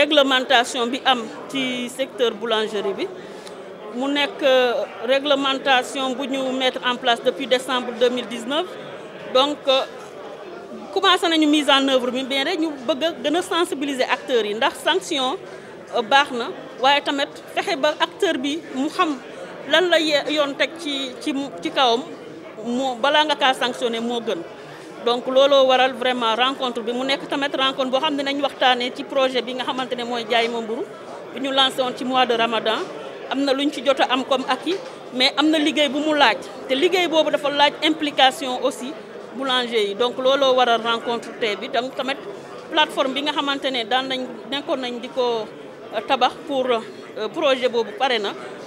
réglementation du am ci secteur boulangerie bi mu une euh, réglementation bu ñu mettre en place depuis décembre 2019 donc euh, comment nañu mise en œuvre bi mais rek ñu bëgg gëna acteurs yi ndax sanction sanctions euh, waye waaye tamit fexe ba acteur bi mu xam lan la yoon tek ci ci ci kawam mo bala nga sanctionné donc lolo waral vraiment rencontre bi mu rencontre boo nañ projet bi nga xamante ne jaay mburu mois de ramadan am luñ ci acquis mais am bu mu laaj implication aussi boulanger yi donc looloo waral rencontre tey bi plateforme bi nga daan pour euh, projet boobu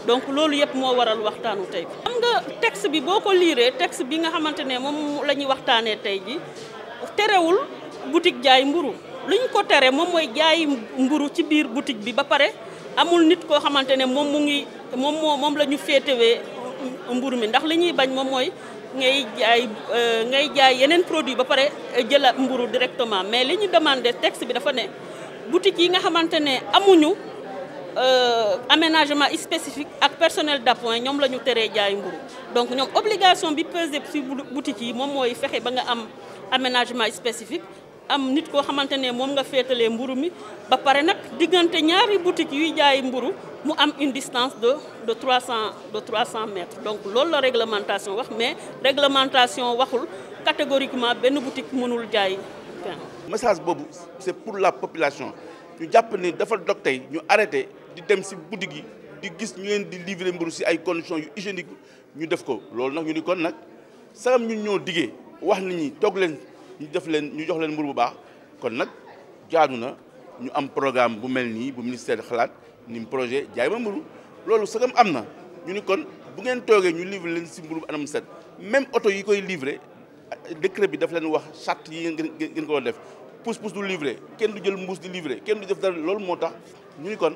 donc loolu yëpp moo waral waxtaanu tey bi xam nga tex bi boo ko liiree tex bi nga xamante ne moom la ñuy waxtaanee tey ji terewul boutique jaay mburu lu ko tere moom mooy jaay mburu ci biir boutique bi ba pare amul nit koo xamante ne moom mu ngi moom moo moom la ñu féetewee mburu mi ndax li ñuy bañ moom mooy ngay jaay euh, ngay jaay yeneen produit ba pare jëla mburu directement mais li ñu demandé texte bi dafa ne boutique yi nga xamante ne amuñu Euh, aménagement spécifique ak personnel d'appoint ñoom la ñu jaay mburu donc ñoom obligation bi peser sur boutique yi moom mooy fexe ba nga am aménagement spécifique am nit ko xamantene mom nga fétalé mburu mi ba paré nak digënté ñaari boutique yu jaay mburu mu am une distance de de 300 de 300 mètres donc loolu la réglementation wax mais réglementation waxul catégoriquement ben boutique mënul jaay message bobu c'est pour la population ñu japp ni dafa dog tey ñu arrêté di dem ci boutique yi di gis ñu leen di livrer mburu ci ay conditions yu hygiénique ñu def ko loolu nak ñu ni kon nak sagam ñun ñoo diggé wax nit ñi toog leen ñu def leen ñu jox leen mburu bu baax kon nak jaadu na ñu am programme bu melni bu ministère xalaat ni projet jaay ma mburu loolu sagam amna ñu ni kon bu ngeen toogee ñu livrer leen ci mburu anam set même auto yi koy livrer décret bi daf leen wax chat yi ngeen ko def pousse pousse du livrer kenn du jël mbuus di livrer kenn du def dara loolu moo tax ñu ni kon